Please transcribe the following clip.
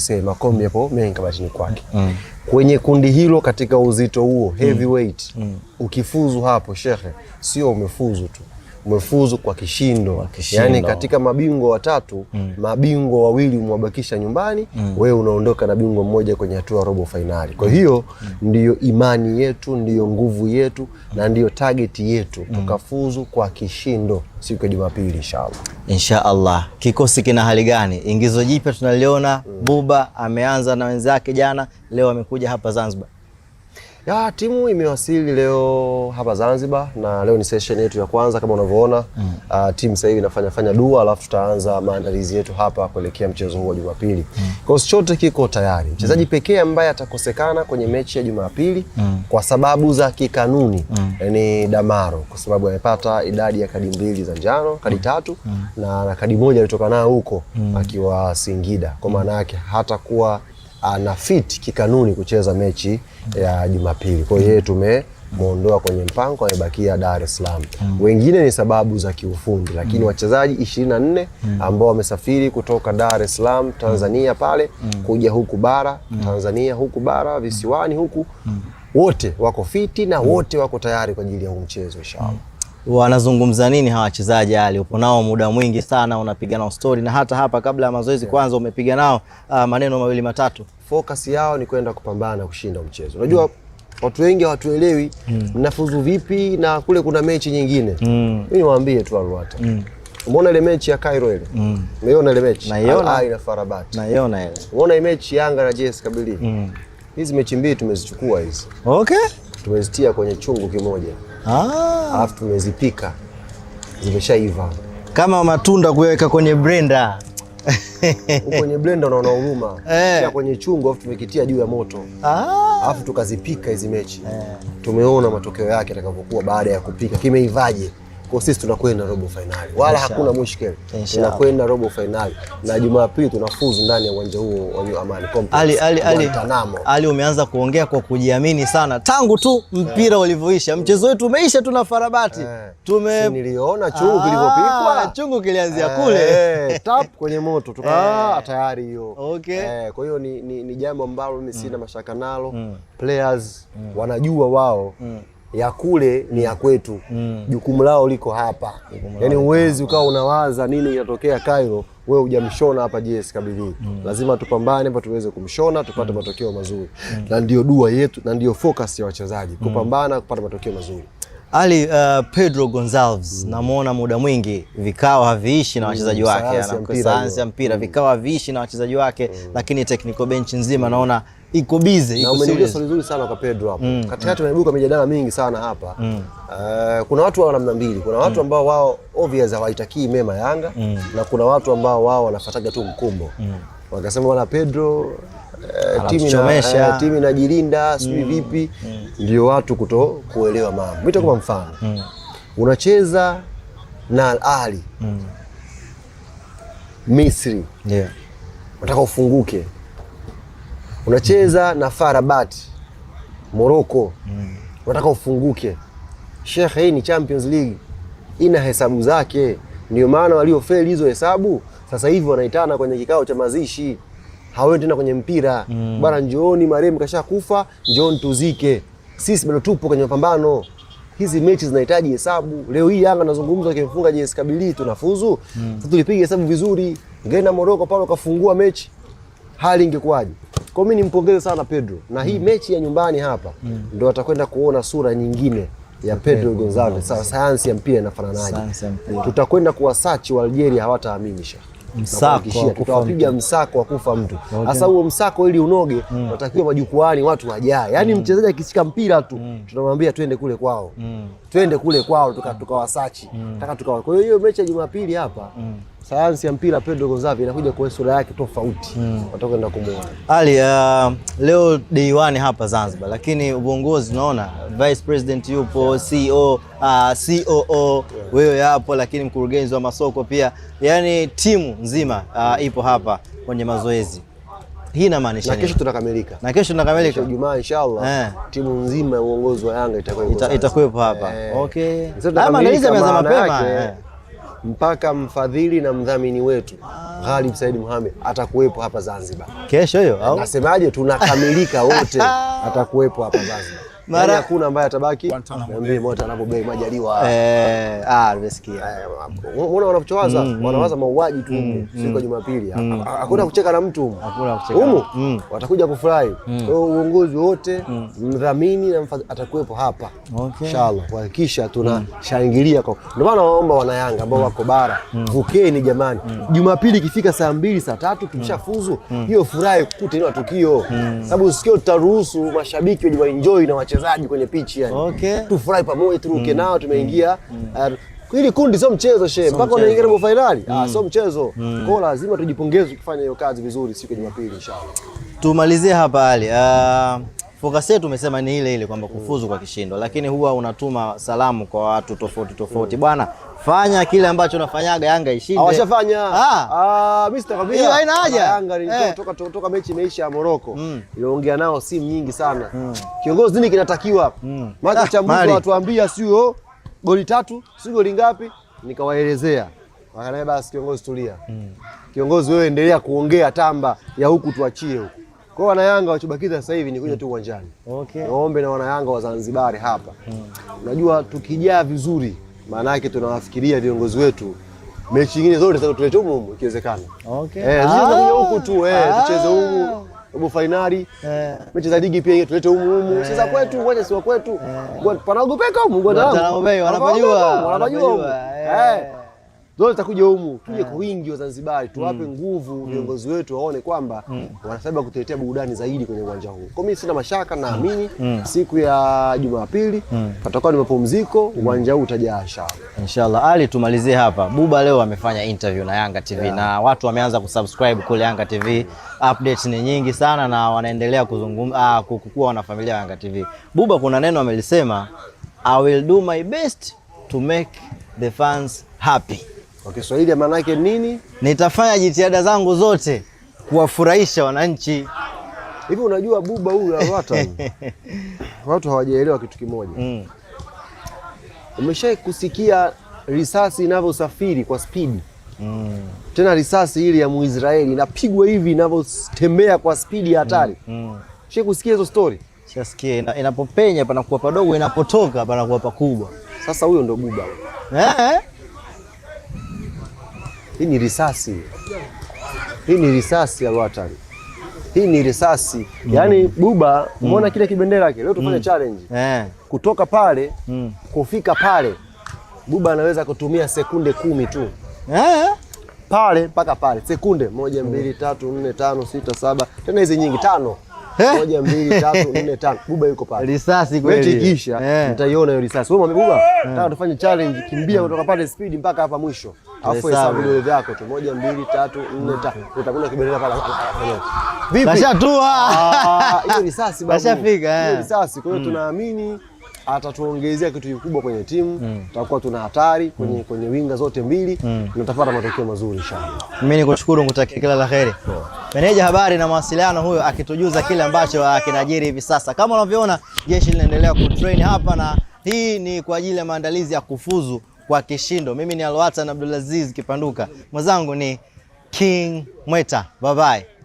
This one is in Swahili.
sema kombi hapo Menga kabashini kwake mm. kwenye kundi hilo katika uzito huo mm. heavyweight mm. ukifuzu hapo shekhe, sio umefuzu tu umefuzu kwa kishindo, kishindo. Yaani katika mabingwa watatu mm. mabingwa wawili umewabakisha nyumbani mm. wewe unaondoka na bingwa mmoja kwenye hatua robo fainali. Kwa hiyo mm. ndiyo imani yetu, ndiyo nguvu yetu mm. na ndiyo tageti yetu mm. tukafuzu kwa kishindo siku ya Jumapili inshallah. Inshallah. Kikosi kina hali gani? Ingizo jipya tunaliona mm. Buba ameanza na wenzake jana, leo amekuja hapa Zanzibar ya, timu imewasili leo hapa Zanzibar na leo ni session yetu ya kwanza kama unavyoona mm. Uh, timu sasa hivi inafanya fanya dua alafu tutaanza maandalizi yetu hapa kuelekea mchezo huu wa Jumapili mm. Kwa hiyo chote kiko tayari. Mchezaji mm. pekee ambaye atakosekana kwenye mechi ya Jumapili mm. kwa sababu za kikanuni mm. Eh, ni Damaro kwa sababu amepata idadi ya kadi mbili za njano, kadi mm. tatu mm. na, na kadi moja alitoka nayo huko mm. akiwa Singida, kwa maana yake hatakuwa ana fit kikanuni kucheza mechi ya Jumapili. Kwa hiyo yeye tumemwondoa kwenye mpango, amebakia Dar es Salaam. Mm. Wengine ni sababu za kiufundi, lakini mm. wachezaji 24 mm. ambao wamesafiri kutoka Dar es Salaam Tanzania pale kuja huku bara Tanzania, huku bara visiwani huku, wote wako fiti na wote wako tayari kwa ajili ya huu mchezo inshallah wanazungumza nini hawa wachezaji hali upo nao muda mwingi sana unapiga nao story na hata hapa kabla ya mazoezi kwanza umepiga nao uh, maneno mawili matatu. Focus yao ni kwenda kupambana kushinda mchezo. Unajua mm. watu wengi hawatuelewi mm. mnafuzu mm. vipi na kule kuna mechi nyingine. Mm. Mimi mm. niwaambie tu Alwata. Mm. Umeona ile mechi ya Cairo ile? Mm. Umeona ile mechi? Naiona ile Farabat. Naiona ile. Umeona ile mechi Yanga na JS Kabylie? Mm. Hizi mechi mbili tumezichukua hizi. Okay tumezitia kwenye chungu kimoja, ah. alafu ah, tumezipika zimeshaiva kama matunda kuweka kwenye brenda kwenye blenda unaona huruma eh, kwenye chungu alafu tumekitia juu ya moto ah. alafu ah, tukazipika hizi mechi eh, tumeona matokeo yake atakavyokuwa baada ya kupika kimeivaje. Kwa sisi tunakwenda robo fainali, wala hakuna mushkeli, tunakwenda robo fainali na Jumapili tunafuzu ndani ya uwanja huo wa Amani Complex. Ali, Ali, Ali, Ali, umeanza kuongea kwa kujiamini sana tangu tu mpira eh. ulivyoisha. Mchezo wetu umeisha, tuna farabati eh. tume, niliona chungu kilivyopikwa, ah, chungu kilianzia eh, kule tap kwenye moto, yeah. tayari hiyo. Okay, kwa hiyo ni jambo ambalo mimi sina mm. mashaka nalo, mm. players mm. wanajua wao ya kule ni ya kwetu mm. Jukumu lao liko hapa, yaani uwezi ukawa unawaza nini inatokea Cairo wewe hujamshona hapa JSKBV mm. Lazima tupambane hapa tuweze kumshona tupate mm. matokeo mazuri mm. na ndio dua yetu na ndio focus ya wachezaji mm. kupambana kupata matokeo mazuri. Ali uh, Pedro Gonzalez mm. namuona muda mwingi vikao haviishi na mm, wachezaji wake, sayansi ya mpira, mpira mm. vikao haviishi na wachezaji wake mm. lakini technical bench nzima naona iko busy, iko serious. Swali zuri sana kwa Pedro hapo mm. katikati mm. naibuka mijadala mingi sana hapa mm. Uh, kuna watu wa namna mbili, kuna watu mm. ambao wao obvious hawaitakii mema Yanga mm. na kuna watu ambao wao wanafataga tu mkumbo mm. wakasema wana Pedro Uh, timu inajilinda uh, sijui mm. vipi mm. ndio mm. watu kuto kuelewa mambo. mita kwa mm. mfano mm. unacheza na Al Ahly mm. Misri, yeah. Unataka ufunguke unacheza mm na Farabat Rabat Morocco, mm. unataka ufunguke shekhe, hii ni Champions League ina hesabu zake. Ndio maana waliofeli hizo hesabu sasa hivi wanaitana kwenye kikao cha mazishi, hawaendi tena kwenye mpira mm. Bwana, njooni marehemu kufa, njooni tuzike, sisi bado tupo kwenye mapambano. Hizi mechi zinahitaji hesabu. Leo hii Yanga nazungumza, akimfunga JS Kabili tunafuzu mm. Sasa tulipiga hesabu vizuri, ngeenda Moroko pale ukafungua mechi, hali ingekuwaje? Kwa mimi nimpongeze sana Pedro na hii mm. mechi ya nyumbani hapa mm. ndo atakwenda kuona sura nyingine ya Pedro Gonzalez. Sasa sayansi ya mpira inafananaje? Tutakwenda kuwasachi wa Algeria, hawataamini sha msako tutawapiga msako mtu. Sasa huo msako ili unoge, natakiwa mm. majukwani watu wajae, yaani mm. mchezaji akishika mpira tu mm. tunamwambia twende kule kwao mm. twende kule kwao tukawasachi tuka mm. tuka. Mm. Kwa hiyo hiyo mechi ya Jumapili hapa mm sayansi ya mpira Pedro Gonzalez inakuja kwa sura yake tofauti mm. watakwenda kumuona Ali uh, leo day one hapa Zanzibar, lakini uongozi unaona vice president yupo CEO, uh, COO e yeah. wewe hapo, lakini mkurugenzi wa masoko pia, yani timu nzima uh, ipo hapa kwenye mazoezi hii inamaanisha nini? Na kesho tunakamilika, na kesho tunakamilika Ijumaa inshallah eh. Timu nzima ya uongozi wa Yanga itakuwepo hapa eh. Okay, maandalizi yameanza mapema mpaka mfadhili na mdhamini wetu Ghalib Said Mohamed atakuwepo hapa Zanzibar kesho hiyo, nasemaje? Tunakamilika wote, atakuwepo hapa Zanzibar mara yaani hakuna ambaye atabaki mwambie moto anapobei majaliwa. Eh, ah, nimesikia. Eh, unaona wanachowaza, mm, mm. wanawaza mauaji tu mm, siku ya Jumapili. Hakuna kucheka na mtu Hakuna kucheka. Huko watakuja kufurahi. Kwa Uongozi wote, mdhamini na atakuwepo hapa. Okay. Inshallah. Kuhakikisha tunashangilia kwa. Ndio maana naomba wana Yanga ambao wako bara, vukeni jamani. Jumapili ikifika saa mbili, saa tatu tumeshafuzu. Hiyo furahi kukuta ni tukio. Sababu sikio tutaruhusu mashabiki enjoy na wache wachezaji kwenye pichi yani. Okay. Tufurahi pamoja turuke mm. nao tumeingia mm. uh, mm. Hili er, kundi sio mchezo she, mpaka unaingia robo finali ah, mm. sio mchezo mm. Kwa lazima tujipongeze ukifanya hiyo kazi vizuri siku ya Jumapili inshallah. Tumalizie hapa Ali. Uh focus yetu umesema ni ile ile kwamba kufuzu kwa kishindo, lakini huwa unatuma salamu kwa watu tofauti tofauti, bwana, fanya kile ambacho unafanyaga, Yanga ishinde. Hawashafanya. Ah, ah mimi sitakwambia hiyo haina haja. Yanga eh, toka toka mechi imeisha ya Moroko mm. iliongea nao simu nyingi sana mm. kiongozi, nini kinatakiwa mm. maana chambuzi watuambia sio goli tatu sio goli ngapi, nikawaelezea Wakaniambia basi kiongozi, tulia mm. kiongozi, wewe endelea kuongea tamba ya huku, tuachie huku kwa wana Yanga wachobakiza sasa hivi ni kuja tu uwanjani. Okay. Naombe na wana Yanga wa Zanzibar hapa. Unajua tukijaa vizuri maana yake tunawafikiria viongozi wetu mechi nyingine zote tulete huko humu ikiwezekana. Okay. Eh, ah. huku tu eh, ah. tucheze huko robo fainali Eh. mechi za ligi pia tulete humu humu Eh. Sasa kwetu uwanja si kwetu Eh. Panaogopeka humu, wanapajua wanapajua eh, eh dola zitakuja humu, tuje eh. kwa wingi Wazanzibari, tuwape mm. nguvu mm. viongozi wetu waone kwamba mm. sababu kutuletea burudani zaidi kwenye uwanja huu. Kwa mimi sina mashaka, naamini mm. siku ya Jumapili patakuwa ni mapumziko, uwanja huu utajaa inshallah. Inshallah. Ali, tumalizie hapa. Buba leo amefanya interview na Yanga TV yeah. na watu wameanza kusubscribe kule Yanga TV. Updates ni nyingi sana na wanaendelea kuzungumza ah, kukua na familia ya Yanga TV. Buba, kuna neno amelisema I will do my best to make the fans happy. Kwa Kiswahili maana yake nini? Nitafanya jitihada zangu zote kuwafurahisha wananchi. Hivi unajua buba huyu wa watu hawajaelewa kitu kimoja mm. Umeshai kusikia risasi inavyosafiri kwa spidi mm. Tena risasi ile ya Muisraeli inapigwa hivi inavyotembea kwa spidi ya hatari mm. mm. Shai kusikia hizo stori? Shasikia ina, inapopenya panakuwa padogo, inapotoka panakuwa pakubwa. Sasa huyo ndo buba eh? eh? Hii ni risasi, hii ni risasi ya Rotary. hii ni risasi mm. Yaani Buba umeona mm. kile kibendera kile leo tufanye mm. challenge yeah. Kutoka pale mm. kufika pale Buba anaweza kutumia sekunde kumi tu yeah. Pale mpaka pale sekunde moja mm. mbili tatu nne tano sita saba tena hizi nyingi tano eh? moja mbili tatu nne tano. Buba yuko pale, risasi kweli. Kisha nitaiona eh. hiyo risasi. Wewe mwambie Buba, eh. nataka tufanye challenge, kimbia kutoka pale speed mpaka hapa mwisho afu hesabu vyako tu, moja mbili tatu nne tano, utakuna pale. Vipi, kashatua ah, hiyo risasi babu, kashafika eh. hiyo risasi. Kwa hiyo mm. tunaamini atatuongezea kitu kikubwa kwenye timu mm. Tutakuwa tuna hatari mm. kwenye, mm. kwenye winga zote mbili mm. tutapata matokeo mazuri inshallah. Mimi nikushukuru, nikutakia kila la heri yeah. Meneja habari na mawasiliano huyo akitujuza kile ambacho kinajiri hivi sasa. Kama unavyoona jeshi linaendelea kutrain hapa, na hii ni kwa ajili ya maandalizi ya kufuzu kwa kishindo. Mimi ni Alwatan Abdulaziz Kipanduka, mwenzangu ni King Mweta. Bye bye.